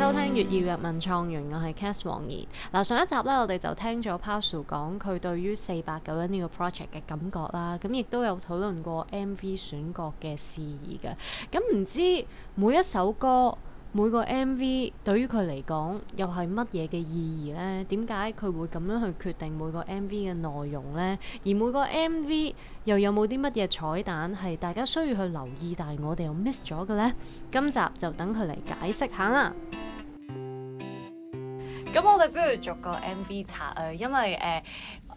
收聽《月曜日文創園》，我係 Cath 王嘉儀。上一集咧，我哋就聽咗 Pazu 講佢對於四八九一呢個 project 嘅感覺啦。咁亦都有討論過 M V 選角嘅事宜嘅。咁唔知每一首歌每個 M V 對於佢嚟講又係乜嘢嘅意義呢？點解佢會咁樣去決定每個 M V 嘅內容呢？而每個 M V 又有冇啲乜嘢彩蛋係大家需要去留意，但係我哋又 miss 咗嘅呢。今集就等佢嚟解釋下啦。咁我哋不如逐個 M V 拆啊，因為誒、呃，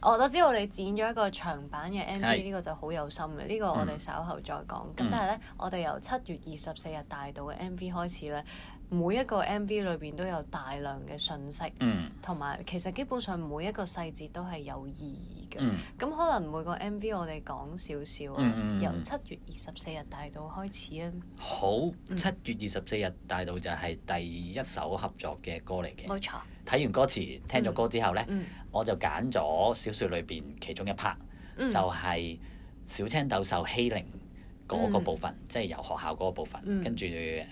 我都知道你剪咗一個長版嘅 M V，呢是個就好有心嘅，呢、呢個我哋稍後再講。咁、嗯、但係呢，我哋由七月二十四日大道嘅 M V 開始呢。每一個 M.V. 裏邊都有大量嘅信息，同埋其實基本上每一個細節都係有意義嘅。咁可能每個 M.V. 我哋講少少由七月二十四日大道開始啦。好，七月二十四日大道就係第一首合作嘅歌嚟嘅，冇錯。睇完歌詞，聽咗歌之後呢，我就揀咗小說裏邊其中一 part，就係小青豆受欺凌嗰個部分，即係由學校嗰個部分，跟住誒。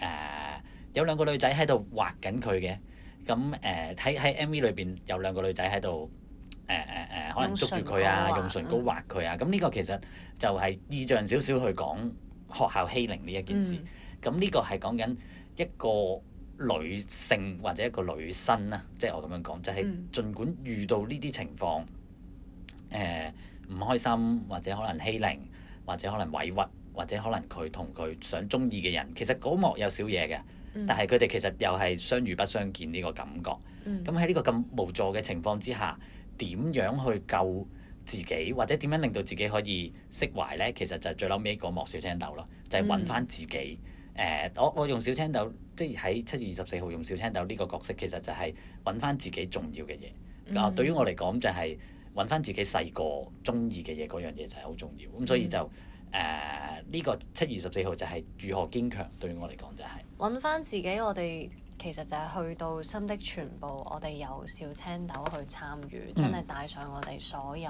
有兩個女仔喺度畫緊佢嘅，咁誒喺喺 MV 裏邊有兩個女仔喺度誒誒誒，可能捉住佢啊，用唇膏畫佢啊。咁呢個其實就係意象少少去講學校欺凌呢一件事。咁呢、嗯、個係講緊一個女性或者一個女生啦，即、就、係、是、我咁樣講，就係、是、儘管遇到呢啲情況誒唔、嗯呃、開心，或者可能欺凌，或者可能委屈，或者可能佢同佢想鍾意嘅人，其實嗰幕有少嘢嘅。但係佢哋其實又係相遇不相見呢個感覺，咁喺呢個咁無助嘅情況之下，點樣去救自己或者點樣令到自己可以釋懷呢？其實就最撈尾嗰幕小青豆咯，就係揾翻自己。誒、嗯呃，我我用小青豆，即係喺七月二十四號用小青豆呢個角色，其實就係揾翻自己重要嘅嘢。啊、嗯，對於我嚟講就係揾翻自己細個中意嘅嘢，嗰樣嘢就係好重要。咁所以就。嗯嗯誒呢、uh, 個七月十四號就係如何堅強，對我嚟講就係揾翻自己，我哋。其實就係去到新的全部，我哋由小青豆去參與真係帶上我哋所有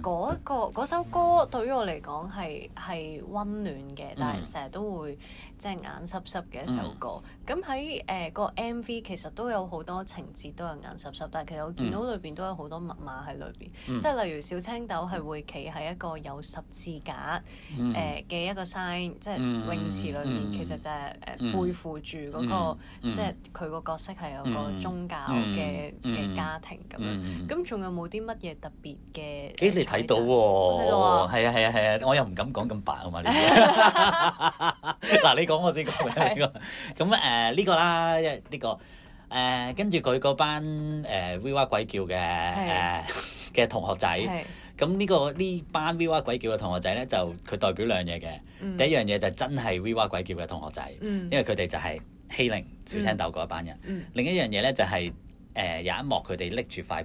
嗰、那個， 個首歌對。對於我嚟講係係溫暖嘅，但係成日都會即係、就是、眼濕濕嘅一首歌。咁喺誒個 MV 其實都有好多情節都係眼濕濕，但係其實我見到裏邊都有好多密碼喺裏邊，即係 例如小青豆係會企喺一個有十字架誒嘅、呃、一個 sign，即係泳池裏面，其實就係、是、誒、呃、背負住、嗰個即係。佢個角色係有個宗教嘅嘅家庭咁樣，咁仲有冇啲乜嘢特別嘅？咦，你睇到喎、啊，係啊係啊係啊，啊！我又唔敢講咁白啊嘛，你嗱 你講我先講，咁誒呢個啦，一、這、呢個誒跟住佢嗰班誒威娃鬼叫嘅誒嘅同學仔，咁呢是、呢個呢班威娃鬼叫嘅同學仔咧就佢代表兩樣嘢嘅，嗯、第一樣嘢就真係威娃鬼叫嘅同學仔，雷因為佢哋就係。雷欺凌小青豆嗰一班人。Mm. Mm. 另一樣嘢咧就係、是、誒有一幕佢哋拎住塊誒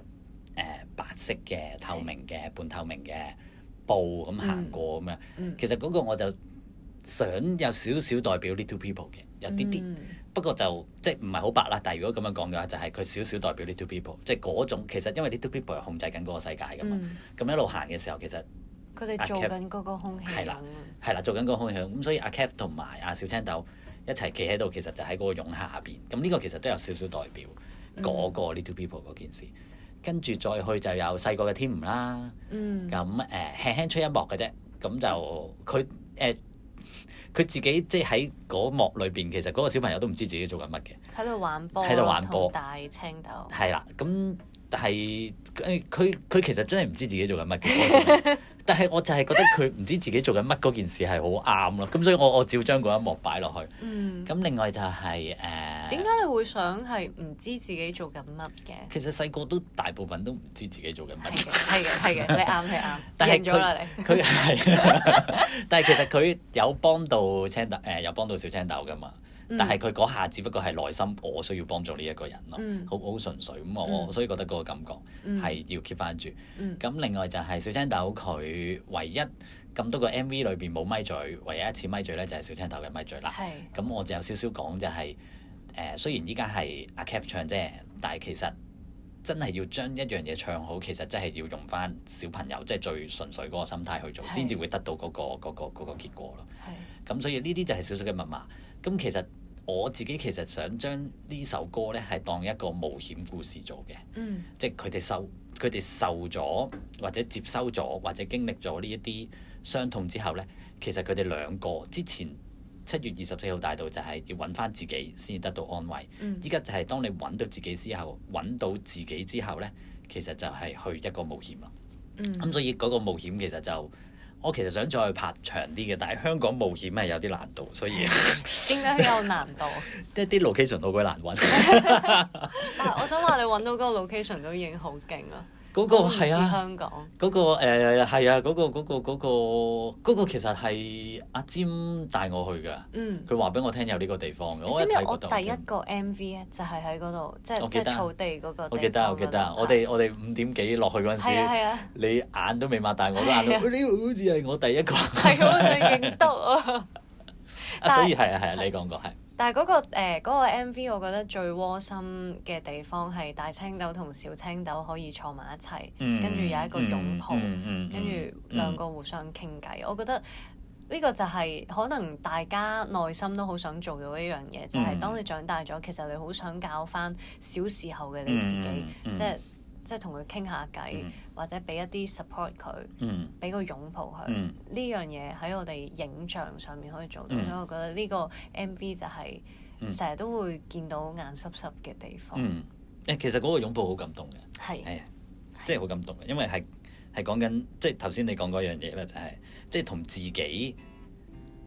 白色嘅透明嘅半透明嘅布咁行過咁樣。Mm. 其實嗰個我就想有少少代表呢 Little People 嘅，有啲啲。Mm. 不過就即係唔係好白啦。但係如果咁樣講嘅話，就係佢少少代表呢 Little People，即係嗰種其實因為呢 Little People 係控制緊嗰個世界噶嘛。咁一路行嘅時候其實佢哋做緊嗰個空氣係啦，係啦，做緊嗰個空氣蛹。咁所以阿 Cap 同埋阿小青豆。一齊企喺度，其實就喺嗰個俑下邊。咁呢個其實都有少少代表嗰、嗰個、嗯、little people 嗰件事。跟住再去就有細個嘅天吾啦。嗯。咁誒、呃、輕輕吹一幕嘅啫，咁就佢誒佢自己即係喺嗰幕裏邊，其實嗰個小朋友都唔知自己做緊乜嘅。喺度玩波。喺度玩波，大青豆。係啦，咁但係誒佢佢其實真係唔知自己做緊乜嘅。那個 但係我就係覺得佢唔知自己做緊乜嗰件事係好啱咯，咁所以我我照將嗰一幕擺落去。嗯。咁另外就係、是、誒。點、呃、解你會想係唔知自己做緊乜嘅？其實細個都大部分都唔知自己做緊乜嘅。係嘅，係嘅， 你啱係啱。但咗啦你。佢係。但係其實佢有幫到青豆誒，有幫到小青豆噶嘛。但係佢嗰下只不過係內心我需要幫助呢一個人咯，好好、嗯、純粹咁，我我、嗯、所以我覺得嗰個感覺係要 keep 翻住。咁、嗯、另外就係小青豆佢唯一咁多個 M V 裏邊冇咪嘴，唯一一次咪嘴咧就係小青豆嘅咪嘴啦。咁是，我就有少少講就係、是、誒、呃，雖然依家係阿 Cath 唱啫，但係其實真係要將一樣嘢唱好，其實真係要用翻小朋友即係、就是、最純粹嗰個心態去做，先至是會得到嗰、那個嗰、那個那個那個結果咯。咁是，是所以呢啲就係小小嘅密碼。咁其實我自己其實想將呢首歌呢係當一個冒險故事做嘅，嗯、即係佢哋受佢哋受咗或者接收咗或者經歷咗呢一啲傷痛之後呢，其實佢哋兩個之前七月二十四號大道就係要揾翻自己先至得到安慰，依家、嗯、就係當你揾到自己之後揾到自己之後呢，其實就係去一個冒險啦。咁、嗯、所以嗰個冒險其實就～我其實想再拍長啲嘅，但係香港冒險係有啲難度，所以點解 有難度？即係啲 location 好鬼難揾。但我想話你揾到嗰個 location 都已經好勁啦。嗰個係啊，香港，嗰個誒係啊，嗰個嗰個嗰個其實係阿占帶我去㗎。嗯，佢話俾我聽有呢個地方嘅。我睇，係我第一個 MV 就係喺嗰度，即係草地嗰個我記得，我記得，我哋我哋五點幾落去嗰陣時，你眼都未擘大，我都眼都，你好似係我第一個。係，我係認得啊。啊，所以係啊係啊，你講過係。但係、那、嗰個誒、呃那個、MV，我覺得最窩心嘅地方係大青豆同小青豆可以坐埋一齊，跟住、嗯、有一個擁抱，跟住、嗯嗯嗯、兩個互相傾偈。嗯、我覺得呢個就係可能大家內心都好想做到一樣嘢，就係、是、當你長大咗，嗯、其實你好想教翻小時候嘅你自己，即係、嗯。嗯嗯就是即係同佢傾下偈，嗯、或者俾一啲 support 佢，俾個擁抱佢。呢、嗯、樣嘢喺我哋影像上面可以做到，嗯、所以我覺得呢個 MV 就係成日都會見到眼濕濕嘅地方。誒、嗯，其實嗰個擁抱好感動嘅，係係啊，即係好感動嘅，是因為係係講緊，即係頭先你講嗰樣嘢啦，就係即係同自己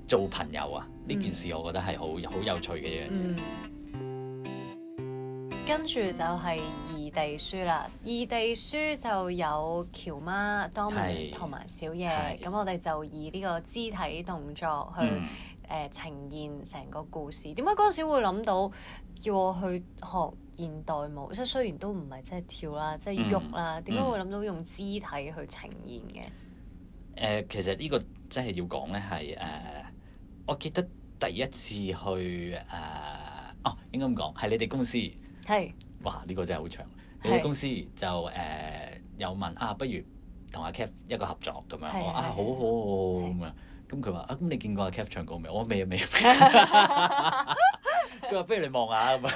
做朋友啊！呢、嗯、件事我覺得係好好有趣嘅一樣嘢、嗯。跟住就係、是。地書啦，異地書就有喬媽、當明同埋小野，咁我哋就以呢個肢體動作去誒呈現成個故事。點解嗰陣時會諗到叫我去學現代舞？即係雖然都唔係即係跳啦，即係喐啦。點解會諗到用肢體去呈現嘅？誒，其實呢個真係要講咧，係誒，我記得第一次去誒，哦，應該咁講，係你哋公司係。哇！呢個真係好長。你啲公司就誒有問啊，不如同阿 Cath 一個合作咁樣，啊好好好，咁啊，咁佢話啊，咁你見過阿 Cath 唱歌未？我未啊未。佢話：不如你望下咁啊，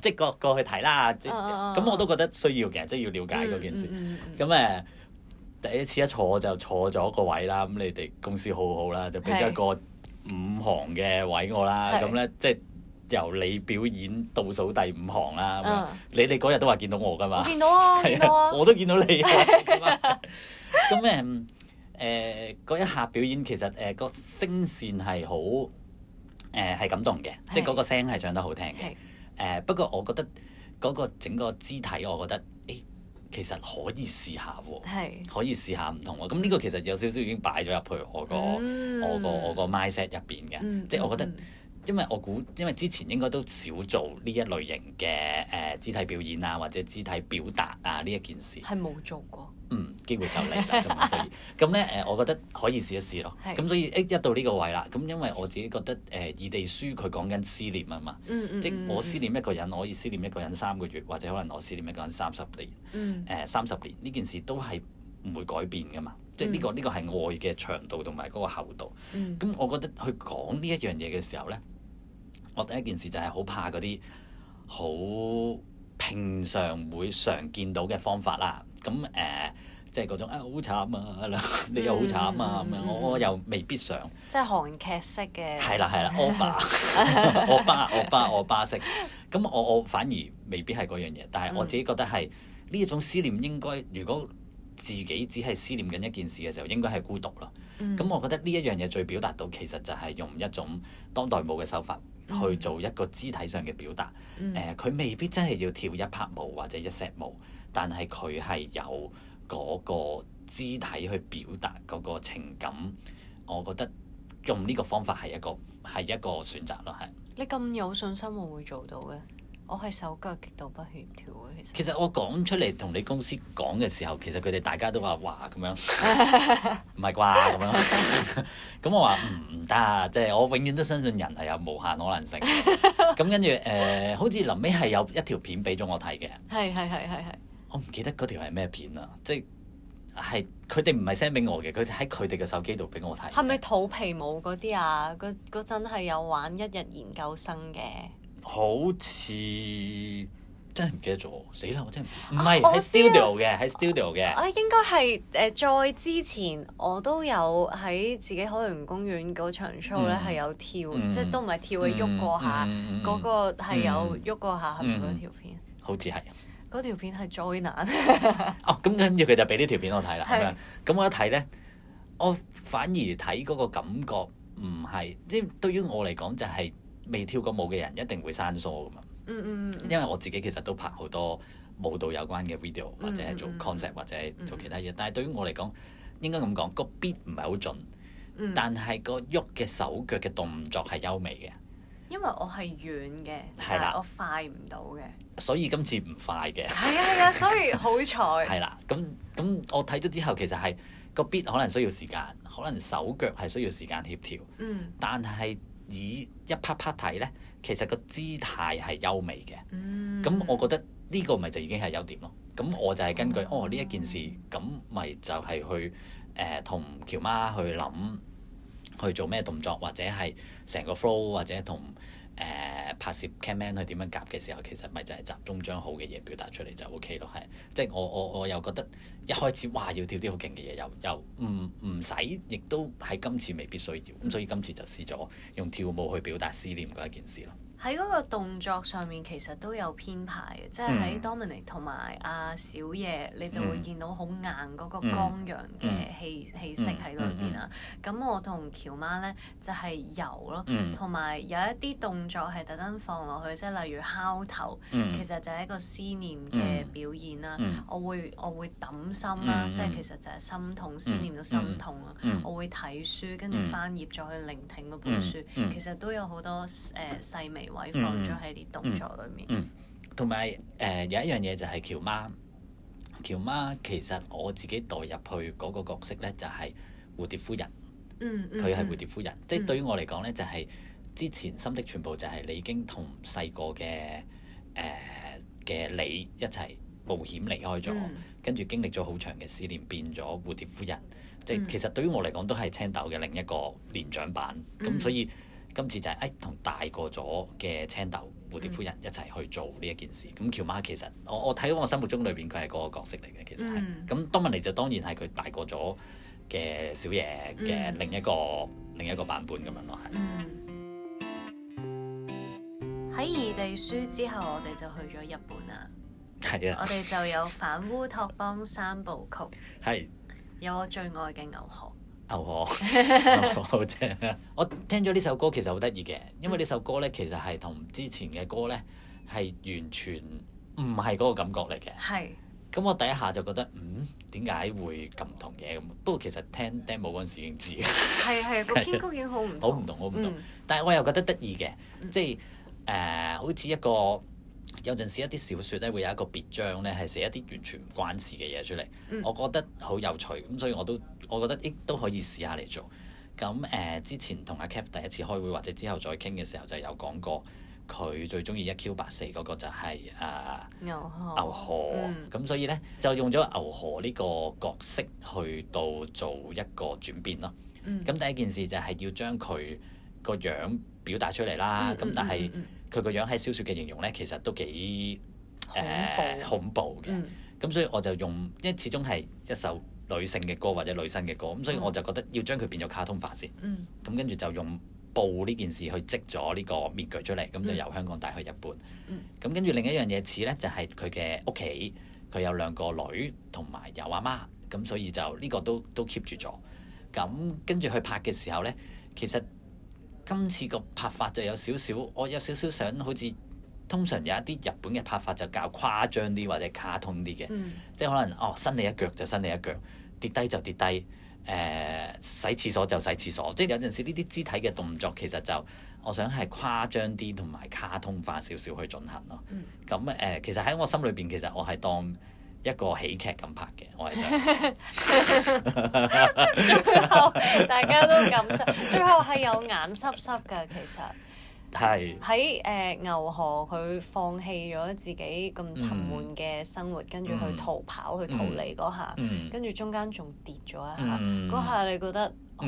即係過過去睇啦。咁我都覺得需要嘅，即係要了解嗰件事。咁誒，第一次一坐就坐咗個位啦。咁你哋公司好好啦，就俾咗一個五行嘅位我啦。咁咧即係。由你表演倒數第五行啦，你哋嗰日都話見到我噶嘛？見到啊，我都見到你。咁誒誒嗰一下表演，其實誒個聲線係好誒係感動嘅，即係嗰個聲係唱得好聽嘅。誒不過我覺得嗰個整個肢體，我覺得誒其實可以試下喎，可以試下唔同喎。咁呢個其實有少少已經擺咗入去我個我個我個 mindset 入邊嘅，即係我覺得。因為我估，因為之前應該都少做呢一類型嘅誒肢體表演啊，或者肢體表達啊呢一件事，係冇做過。嗯，機會就嚟啦，咁 所以咁咧誒，我覺得可以試一試咯。咁是所以一到呢個位啦，咁因為我自己覺得誒異、呃、地書佢講緊思念啊嘛，嗯嗯嗯即我思念一個人，我可以思念一個人三個月，或者可能我思念一個人三十年，誒、嗯呃、三十年呢件事都係唔會改變噶嘛，嗯、即係呢個呢個係愛嘅長度同埋嗰個厚度。咁、嗯嗯、我覺得去講呢一樣嘢嘅時候咧。我第一件事就係好怕嗰啲好平常會常見到嘅方法啦。咁誒，即係嗰種啊，好慘啊！啊！你又好慘啊！咁、嗯、我又未必想即係韓劇式嘅係啦係啦，歐巴，歐巴，歐巴， 歐巴式。咁我我反而未必係嗰樣嘢，但係我自己覺得係呢一種思念應該，如果自己只係思念緊一件事嘅時候，應該係孤獨咯。咁、嗯、我覺得呢一樣嘢最表達到其實就係用一種當代舞嘅手法。去做一個肢體上嘅表達，誒、嗯，佢、呃、未必真係要跳一拍舞或者一 set 舞，但係佢係有嗰個肢體去表達嗰個情感，我覺得用呢個方法係一個係一個選擇咯，係。你咁有信心，會做到嘅？我係手腳極度不協調嘅，其實。其實我講出嚟同你公司講嘅時候，其實佢哋大家都話嘩咁樣，唔係啩咁樣。咁、 嗯、我話唔得，即、嗯、係、就是、我永遠都相信人係有無限可能性。咁 跟住誒、呃，好似臨尾係有一條片俾咗我睇嘅。係係係係係。我唔記得嗰條係咩片啦，即係係佢哋唔係 send 俾我嘅，佢哋喺佢哋嘅手機度俾我睇。係咪肚皮舞嗰啲啊？嗰嗰陣係有玩一日研究生嘅。好似真係唔記得咗，死啦！我真係唔係喺 studio 嘅，喺 studio 嘅。我應該係誒、呃、再之前，我都有喺自己海洋公園嗰場 show 咧，係有跳，嗯、即係都唔係跳嘅喐、嗯、過下，嗰、嗯、個係有喐過下嗰、嗯、條片。好似係嗰條片係災難。 哦，咁跟住佢就俾呢條片我睇啦，咁是樣。咁我一睇咧，我反而睇嗰個感覺唔係，即係對於我嚟講就係、係。就係未跳過舞嘅人一定會生疏㗎嘛！嗯嗯、因為我自己其實都拍好多舞蹈有關嘅 video、嗯、或者係做 concept、嗯、或者做其他嘢。嗯、但係對於我嚟講，應該咁講個 beat 唔係好準，嗯、但係個喐嘅手腳嘅動作係優美嘅。因為我係軟嘅，的但係我快唔到嘅，所以今次唔快嘅。係啊係啊，所以好彩。係啦，咁咁我睇咗之後，其實係、個 beat 可能需要時間，可能手腳係需要時間協調。但係。以一 part part 睇咧，其實個姿態係優美嘅，咁、嗯、我覺得呢個咪就已經係優點咯。咁我就係根據、嗯、哦呢一件事，咁咪就係去誒同、呃、喬媽去諗去做咩動作，或者係成個 flow 或者同。誒、uh, 拍攝 cameraman 佢點樣夾嘅時候，其實咪就係集中將好嘅嘢表達出嚟就 O K 咯，係即係我我我又覺得一開始哇，要跳啲好勁嘅嘢，又又唔唔使，亦都喺今次未必需要咁，所以今次就試咗用跳舞去表達思念嗰一件事咯。喺嗰個動作上面其實都有編排嘅，即係喺 Dominic 同埋阿小野你就會見到好硬嗰個剛陽嘅氣氣息喺裏邊啊。咁我同喬媽咧就係柔咯，同埋有一啲動作係特登放落去，即係例如敲頭，其實就係一個思念嘅表現啦。我會我會揼心啦，即係其實就係心痛思念到心痛啊。我會睇書跟住翻頁再去聆聽嗰本書，其實都有好多誒、呃、細微，放咗喺啲動作裏面，同埋誒有一樣嘢就係喬媽。喬媽其實我自己代入去嗰個角色咧，就係蝴蝶夫人。佢係蝴蝶夫人，即係、嗯、對於我嚟講咧，就係之前心的全部就係你已經同細個嘅誒嘅你一齊冒險離開咗，跟住、嗯、經歷咗好長嘅思念，變咗蝴蝶夫人。即係、嗯、其實對於我嚟講，都係青豆嘅另一個年長版。咁所以。嗯嗯嗯今次就係誒同大個咗嘅青豆蝴蝶夫人一齊去做呢一件事。咁喬媽其實我我睇到我心目中裏邊佢係個角色嚟嘅，其實係。咁多文尼就當然係佢大個咗嘅小爺嘅另一個、嗯、另一個版本咁樣咯，係。喺異、嗯、地書之後，我哋就去咗日本啦。係啊。我哋就有反烏托邦三部曲。係 是。有我最愛嘅牛河。牛河，牛河好正啊！我聽咗呢首歌其實好得意嘅，因為呢首歌咧其實係同之前嘅歌咧係完全唔係嗰個感覺嚟嘅。係。咁我第一下就覺得，嗯，點解會咁唔同嘅？咁不過其實聽 demo 嗰陣時已經知。係係，個編曲已經好唔同。好唔同，好唔同。嗯、但係我又覺得得意嘅，即係誒、呃，好似一個。有陣時一啲小説咧，會有一個別章咧，係寫一啲完全唔關事嘅嘢出嚟、嗯，我覺得好有趣，咁所以我都我覺得亦都可以試下嚟做。咁誒、呃、之前同阿 Cap 第一次開會或者之後再傾嘅時候就有講過，佢最中意一 Q 八四嗰個就係誒牛河牛河，咁河、嗯、所以咧就用咗牛河呢個角色去到做一個轉變咯。咁、嗯、第一件事就係要將佢個樣表達出嚟啦。咁但係佢個樣喺小説嘅形容咧，其實都幾誒恐怖嘅。咁、呃嗯、所以我就用，因為始終係一首女性嘅歌或者女生嘅歌，咁所以我就覺得要將佢變咗卡通化先。咁、嗯、跟住就用布呢件事去織咗呢個面具出嚟，咁就由香港帶去日本。咁、嗯、跟住另一樣嘢似咧，就係佢嘅屋企，佢有兩個女同埋有阿媽，咁所以就呢個都都 keep 住咗。咁跟住去拍嘅時候咧，其實今次個拍法就有少少，我有少少想好似通常有一啲日本嘅拍法就較誇張啲或者卡通啲嘅，嗯、即係可能哦，伸你一腳就伸你一腳，跌低就跌低，誒、呃、洗廁所就洗廁所，即係有陣時呢啲肢體嘅動作其實就我想係誇張啲同埋卡通化少少去進行咯。咁誒、嗯呃，其實喺我心裏邊，其實我係當一個喜劇咁拍嘅，我係想。最後大家都感受，最後係有眼濕濕嘅其實。係。喺誒牛河佢放棄咗自己咁沉悶嘅生活，跟住去逃跑去逃離嗰下，跟住中間仲跌咗一下，嗰下你覺得好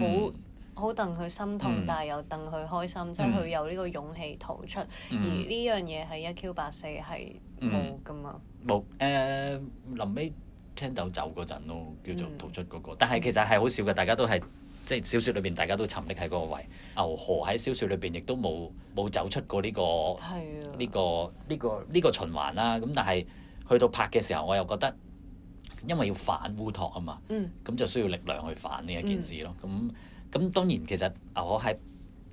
好戥佢心痛，但係又戥佢開心，即係佢有呢個勇氣逃出，而呢樣嘢喺一 Q 八四係冇噶嘛。冇誒，臨尾青豆走嗰陣咯，叫做逃出嗰、那個。嗯、但係其實係好少嘅，大家都係即係小說裏邊，大家都沉溺喺嗰個位。牛河喺小說裏邊亦都冇冇走出過呢、這個呢、嗯這個呢、這個呢、這個循環啦。咁但係去到拍嘅時候，我又覺得因為要反烏托啊嘛，咁就需要力量去反呢一件事咯。咁咁、嗯、當然其實牛河喺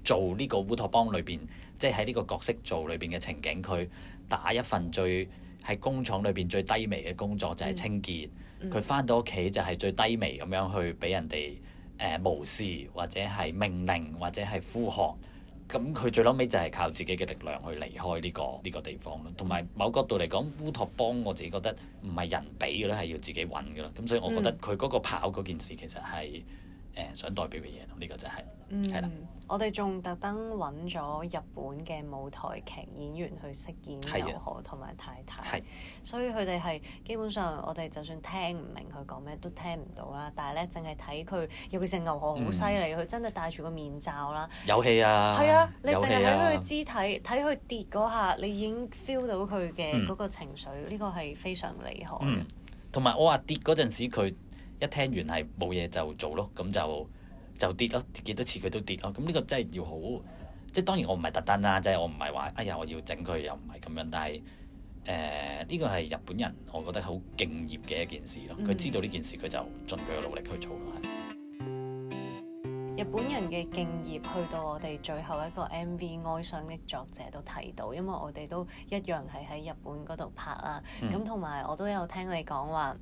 做呢個烏托邦裏邊，即係喺呢個角色做裏邊嘅情景，佢打一份最。係工廠裏邊最低微嘅工作就係清潔，佢翻、嗯、到屋企就係最低微咁樣去俾人哋誒、呃、無視或者係命令或者係呼喝，咁佢最後尾就係靠自己嘅力量去離開呢、呢個呢、呢個地方咯。同埋某角度嚟講，烏托邦我自己覺得唔係人俾嘅咧，係要自己揾㗎啦。咁所以我覺得佢嗰個跑嗰件事其實係。嗯誒想代表嘅嘢呢個就係、是，係啦、嗯，的我哋仲特登揾咗日本嘅舞台劇演員去飾演牛河同埋太太，的所以佢哋係基本上我哋就算聽唔明佢講咩都聽唔到啦，但係呢，淨係睇佢，尤其是牛河好犀利，佢、嗯、真係戴住個面罩啦，有戲啊，係啊，你淨係睇佢肢體，睇佢、啊、跌嗰下，你已經 feel 到佢嘅嗰個情緒，呢個係非常厲害。同埋、嗯、我話跌嗰陣時佢。一聽完係冇嘢就做咯，咁就就跌咯，幾多次佢都跌咯，咁、嗯、呢個真係要好，即係當然我唔係特登啦，即係我唔係話哎呀我要整佢又唔係咁樣，但係誒呢個係日本人，我覺得好敬業嘅一件事咯，佢知道呢件事佢就盡佢嘅努力去做啦。日本人嘅敬業，去到我哋最後一個 MV《哀傷的作者》都提到，因為我哋都一樣係喺日本嗰度拍啊，咁同埋我都有聽你講話。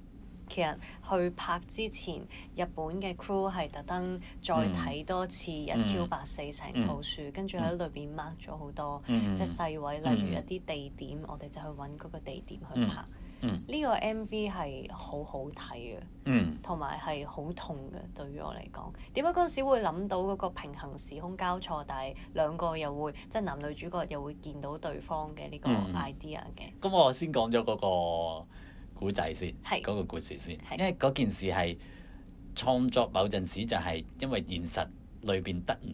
其實去拍之前，日本嘅 crew 係特登再睇多次《mm, 1Q84、mm,》成套書，跟住喺裏邊 mark 咗好多即係細位，例如一啲地點，mm, 我哋就去揾嗰個地點去拍。呢、mm, 個 MV 係好好睇嘅，同埋係好痛嘅。對於我嚟講，點解嗰陣時會諗到嗰個平衡時空交錯，但係兩個又會即、就是、男女主角又會見到對方嘅呢個 idea 嘅？咁、mm, 我先講咗嗰個。故仔先，嗰是個故事先，是因為嗰件事係創作某陣時就係因為現實裏邊得唔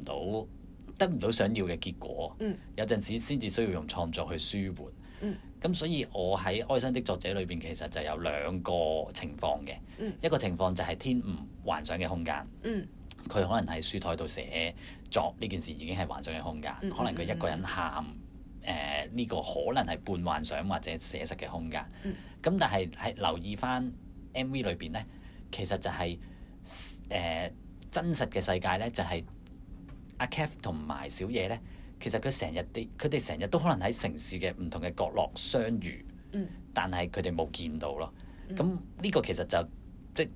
到，得唔到想要嘅結果。嗯、有陣時先至需要用創作去舒緩。咁、嗯、所以我喺哀傷的作者裏邊其實就有兩個情況嘅。嗯、一個情況就係天唔幻想嘅空間，佢、嗯、可能喺書台度寫作呢件事已經係幻想嘅空間，可能佢一個人喊。誒呢、呃這個可能係半幻想或者寫實嘅空間，咁、嗯、但係係留意返 M V 裏邊咧，其實就係、是、誒、呃、真實嘅世界咧，就係、是、阿 Cap 同埋小野咧，其實佢成日啲佢哋成日都可能喺城市嘅唔同嘅角落相遇，嗯、但係佢哋冇見到咯。咁呢、嗯、個其實就即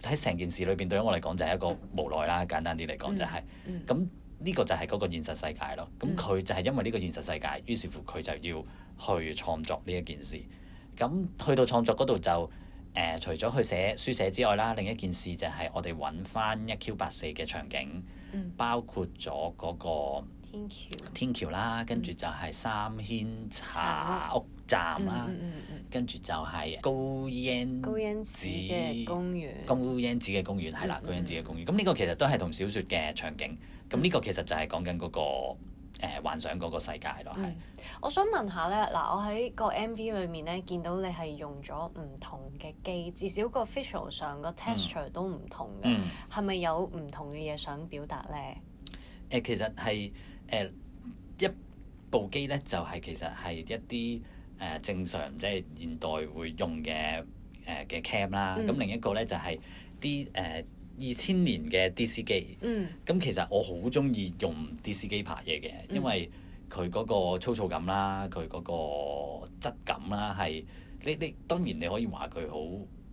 係喺成件事裏邊對我嚟講就係一個無奈啦。嗯、簡單啲嚟講就係、是、咁。嗯嗯嗯呢個就係嗰個現實世界咯。咁佢就係因為呢個現實世界，於是乎佢就要去創作呢一件事。咁去到創作嗰度就誒，除咗去寫書寫之外啦，另一件事就係我哋揾翻一 Q 八四嘅場景，包括咗嗰個天橋天橋啦，跟住就係三軒茶屋站啦，跟住就係高円寺公園高円寺嘅公園係啦，高円寺嘅公園。咁呢個其實都係同小說嘅場景。咁呢個其實就係講緊嗰個誒幻想嗰個世界咯，係。我想問下咧，嗱，我喺個 MV 裏面咧，見到你係用咗唔同嘅機，至少個 visual 上個 texture 都唔同嘅，係咪有唔同嘅嘢想表達咧？誒，其實係誒一部機咧，就係其實係一啲誒正常即係現代會用嘅誒嘅 cam 啦。咁另一個咧就係啲誒。二千年嘅 D.C. 機，嗯，咁其實我好中意用 D.C. 機拍嘢嘅，嗯、因為佢嗰個粗糙感啦，佢嗰個質感啦，係你你當然你可以話佢好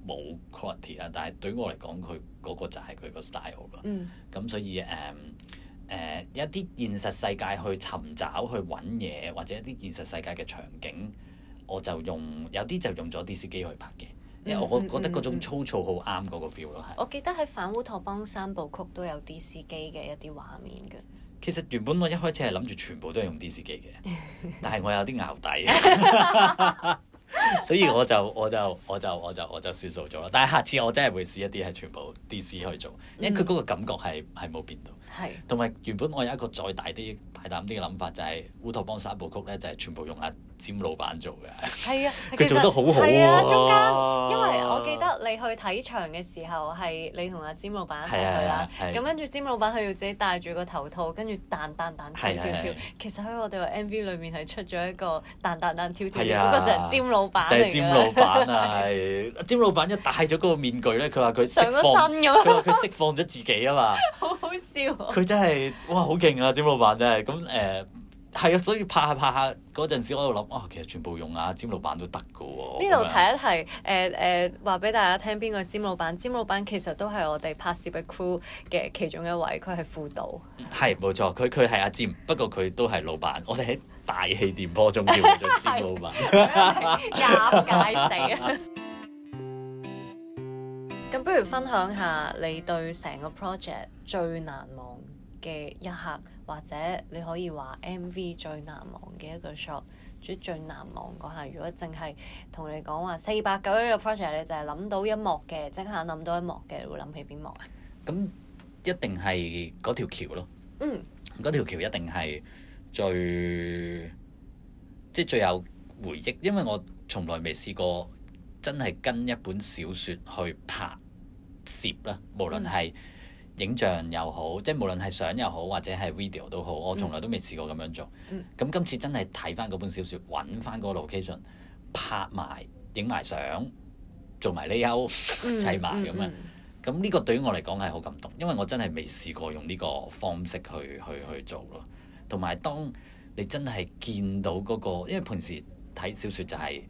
冇 quality 啦，但係對我嚟講佢嗰個就係佢個 style 啦、嗯。咁所以誒誒、um, uh, 一啲現實世界去尋找去揾嘢，或者一啲現實世界嘅場景，我就用有啲就用咗 D.C. 機去拍嘅。因為我覺得嗰種粗糙好啱嗰個 feel 咯，係。我記得喺反烏托邦三部曲都有 D.C. 機嘅一啲畫面嘅。其實原本我一開始係諗住全部都係用 D.C. 機嘅， 但係我有啲淆底， 所以我就我就我就我就我就算數咗啦。但係下次我真係會試一啲係全部 D.C. 去做，因為佢嗰個感覺係係冇變到。係是。同埋原本我有一個再大啲大膽啲嘅諗法，就係、是、烏托邦三部曲咧，就係、是、全部用壓。詹老板做嘅， 係啊，佢做得好好、啊、喎。係啊，中間，因為我記得你去睇場嘅時候係你同阿詹老板一齊去啦。係，咁跟住詹老板，佢要自己戴住個頭套，跟住彈，彈彈彈跳跳跳。啊啊、其實喺我哋話 MV 裏面係出咗一個彈彈彈跳跳嘅，嗰個就係詹老板，嚟係詹老板，啊，係、就、詹、是、老板、啊， 啊、老板一戴咗嗰個面具咧，佢話佢上咗身釋放，佢話佢釋放咗自己啊嘛。 好好笑、啊。佢真係哇，好勁啊！詹老板真係咁誒。呃係啊，所以拍下拍下嗰陣時我，我喺度諗啊，其實全部用阿、啊、尖老闆都得嘅喎。邊度提一提？誒、呃、誒，話、呃、俾大家聽，邊個尖老闆？尖老闆其實都係我哋拍攝嘅 crew 嘅其中一位，佢係輔導。係冇錯，佢佢係阿尖，不過佢都係老闆。我哋喺大氣電波中叫做尖老闆，尷 尬 死啊！咁 不如分享下你對成個 project 最難忘嘅一刻，或者你可以話 MV 最難忘嘅一個 shot，最最難忘嗰下。如果淨係同你講話四百九呢個 project，你就係諗到一幕嘅，即刻諗到一幕嘅，你會諗起邊幕呀？咁一定係嗰條橋咯。嗯。嗰條橋一定係最即係、就是、最有回憶，因為我從來未試過真係跟一本小説去拍攝啦，無論係。嗯影像又好，即係無論係相又好，或者係 video 都好，我從來都未試過咁樣做。咁今、嗯、次真係睇翻嗰本小説，揾翻嗰個 location，拍埋影埋相，做埋呢有砌埋咁啊！咁呢、嗯嗯、個對於我嚟講係好感動，因為我真係未試過用呢個方式去去去做咯。同埋當你真係見到嗰、嗰個，因為平時睇小説就係、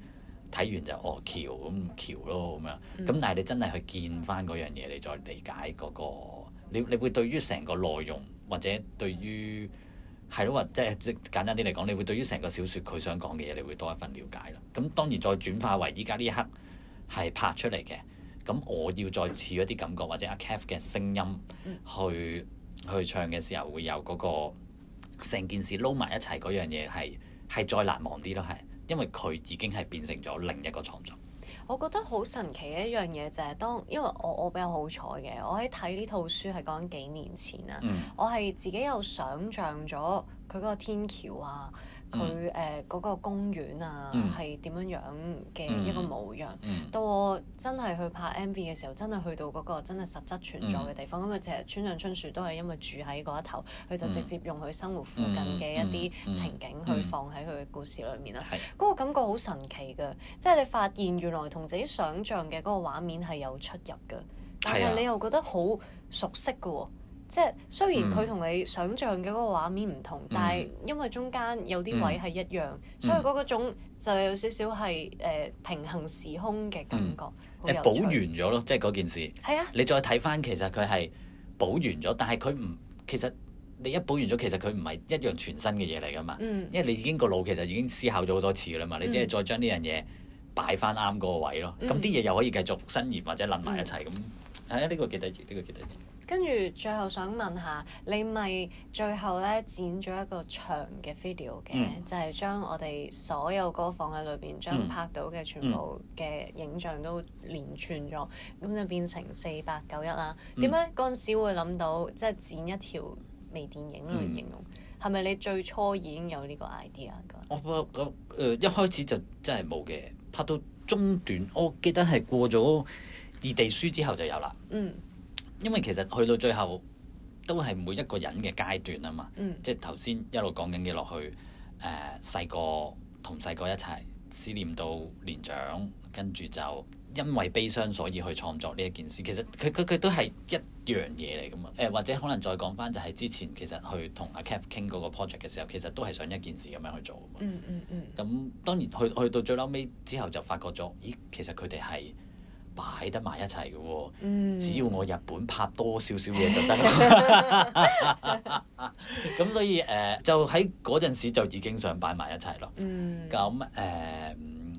係、睇完就哦橋咁、嗯、橋咯咁樣咁，嗯、但係你真係去見翻嗰樣嘢，你再理解嗰、嗰個。你你會對於成個內容或者對於係咯，或即係即簡單啲嚟講，你會對於成個小說佢想講嘅嘢，你會多一份了解啦。咁當然再轉化為依家呢一刻係拍出嚟嘅，咁我要再似一啲感覺或者阿 Kev 嘅聲音去去唱嘅時候，會有嗰個成件事撈埋一齊樣嘢係係再難忘啲咯，係，因為佢已經係變成咗另一個創作。我覺得好神奇嘅一樣嘢就係、是，當因為我我比較好彩嘅，我喺睇呢套書係講緊幾年前啦，嗯、我係自己有想像咗佢嗰個天橋啊。佢誒嗰個公園啊，係點樣樣嘅一個模樣？嗯嗯、到我真係去拍 MV 嘅時候，真係去到嗰個真係實質存在嘅地方。咁啊、嗯，其實村上春樹都係因為住喺嗰一頭，佢就直接用佢生活附近嘅一啲情景去放喺佢嘅故事裏面啦。嗰、嗯嗯嗯嗯嗯、個感覺好神奇㗎，即、就、係、是、你發現原來同自己想像嘅嗰個畫面係有出入㗎，啊、但係你又覺得好熟悉㗎喎、哦。即係雖然佢同你想象嘅嗰個畫面唔同，mm, 但係因為中間有啲位係一樣，mm, 所以嗰種就有少少係誒平行時空嘅感覺。誒補、mm. 完咗咯，即係嗰件事。係啊。你再睇翻，其實佢係補完咗，但係佢唔其實你一補完咗，其實佢唔係一樣全新嘅嘢嚟噶嘛。Mm. 因為你已經個腦其實已經思考咗好多次啦嘛，你只係再將呢樣嘢擺翻啱嗰個位咯。嗯。咁啲嘢又可以繼續伸延或者攬埋一齊咁。係、mm. 啊，呢、這個幾得意，呢、這個幾得意。這個跟住最後想問下，你咪最後咧剪咗一個長嘅 video 嘅，嗯、就係將我哋所有歌放喺裏邊，將、嗯、拍到嘅全部嘅影像都連串咗，咁、嗯、就變成四八九一啦。點解嗰陣時會諗到即係、就是、剪一條微電影嚟形容？係咪、嗯、你最初已經有呢個 idea？我我咁、呃、一開始就真係冇嘅，拍到中段，我記得係過咗異地書之後就有啦。嗯。因為其實去到最後，都係每一個人嘅階段啊嘛，嗯、即係頭先一路講緊嘅落去，誒、呃、細個同細個一齊思念到年長，跟住就因為悲傷所以去創作呢一件事。其實佢佢佢都係一樣嘢嚟㗎嘛，誒、呃、或者可能再講翻就係之前其實去同阿 Cath 傾嗰個 project 嘅時候，其實都係想一件事咁樣去做嘛嗯。嗯嗯嗯。咁當然去去到最撈尾之後就發覺咗，咦其實佢哋係～擺得埋一齊嘅喎，嗯、只要我日本拍多少少嘢就得啦。咁所以誒，uh, 就喺嗰陣時就已經想擺埋一齊咯。咁誒、嗯，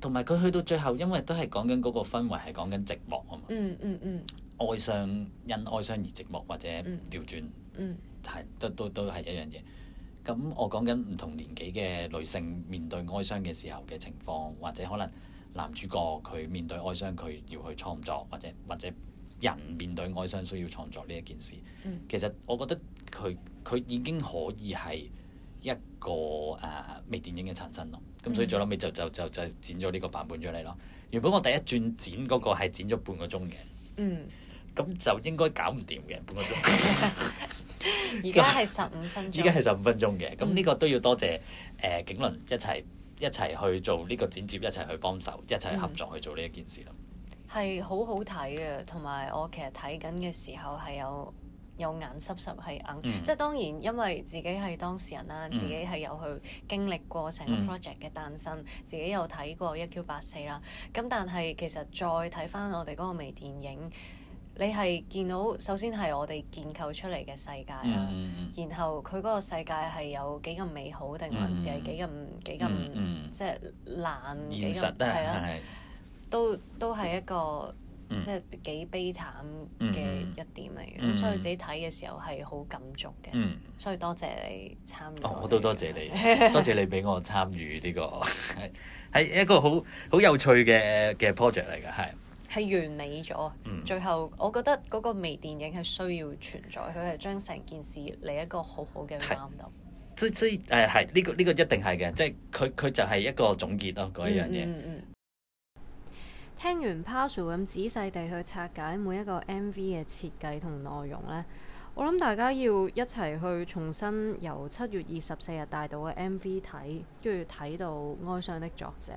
同埋佢去到最後，因為都係講緊嗰個氛圍，係講緊寂寞啊嘛、嗯。嗯嗯嗯。哀傷因哀傷而寂寞，或者調轉，係、嗯嗯、都都都係一樣嘢。咁我講緊唔同年紀嘅女性面對哀傷嘅時候嘅情況，或者可能。男主角佢面對哀傷，佢要去創作，或者或者人面對哀傷需要創作呢一件事。嗯、其實我覺得佢佢已經可以係一個誒微、呃、電影嘅產生咯。咁所以最後尾就就就就剪咗呢個版本出嚟咯。原本我第一轉剪嗰個係剪咗半個鐘嘅。嗯。咁就應該搞唔掂嘅半個鐘。而家係十五分鐘。而家係十五分鐘嘅，咁呢個都要多謝誒景倫一齊。一齊去做呢個剪接，一齊去幫手，一齊合作去做呢一件事啦。係好好睇嘅，同埋我其實睇緊嘅時候係有有眼濕濕係硬，嗯、即係當然因為自己係當事人啦，嗯、自己係有去經歷過成個 project 嘅誕生，嗯、自己有睇過 1Q84 啦。咁但係其實再睇翻我哋嗰個微電影。你係見到首先係我哋建構出嚟嘅世界啦，然後佢嗰個世界係有幾咁美好，定還是係幾咁幾咁即係爛幾咁？係，都都係一個即係幾悲慘嘅一點嚟嘅，所以自己睇嘅時候係好感觸嘅。所以多謝你參與。我都多謝你，多謝你俾我參與呢個係一個好好有趣嘅嘅 project 嚟㗎，係。係完美咗，嗯、最後我覺得嗰個微電影係需要存在，佢係將成件事嚟一個好好嘅彌補。所以所以係呢個呢、呢個一定係嘅，即係佢佢就係一個總結咯、啊，嗰一、嗯、樣嘢。嗯嗯嗯、聽完 Pazu 咁仔細地去拆解每一個 MV 嘅設計同內容呢，我諗大家要一齊去重新由七月二十四日大道嘅 MV 睇，跟住睇到哀傷的作者。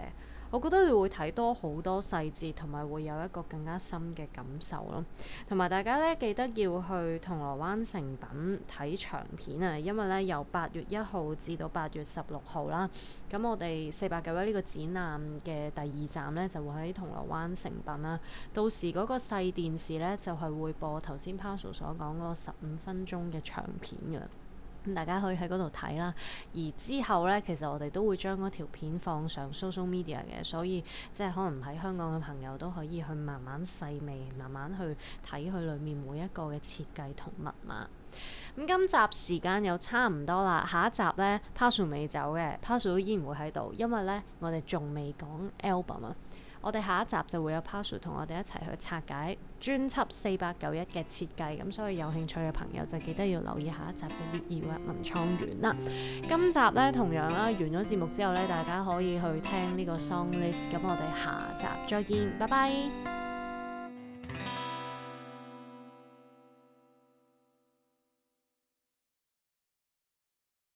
我覺得你會睇多好多細節，同埋會有一個更加深嘅感受咯。同埋大家咧，記得要去銅鑼灣誠品睇長片啊！因為咧，由八月一號至到八月十六號啦。咁我哋四百九一呢個展覽嘅第二站咧，就會喺銅鑼灣誠品啦。到時嗰個細電視咧，就係會播頭先 Pazu 所講嗰十五分鐘嘅長片㗎。大家可以喺嗰度睇啦，而之後呢，其實我哋都會將嗰條片放上 social media 嘅，所以即係可能喺香港嘅朋友都可以去慢慢細味、慢慢去睇佢裏面每一個嘅設計同密碼。咁、嗯、今集時間又差唔多啦，下一集呢，Pazu 未走嘅，Pazu 依然會喺度，因為呢，我哋仲未講 album 啊。我哋下一集就會有 Pazu 同我哋一齊去拆解專輯四百九一嘅設計，咁所以有興趣嘅朋友就記得要留意下一集嘅葉兒文創園啦。今集呢，同樣啦，完咗節目之後呢，大家可以去聽呢個 song list。咁我哋下集再見，拜拜。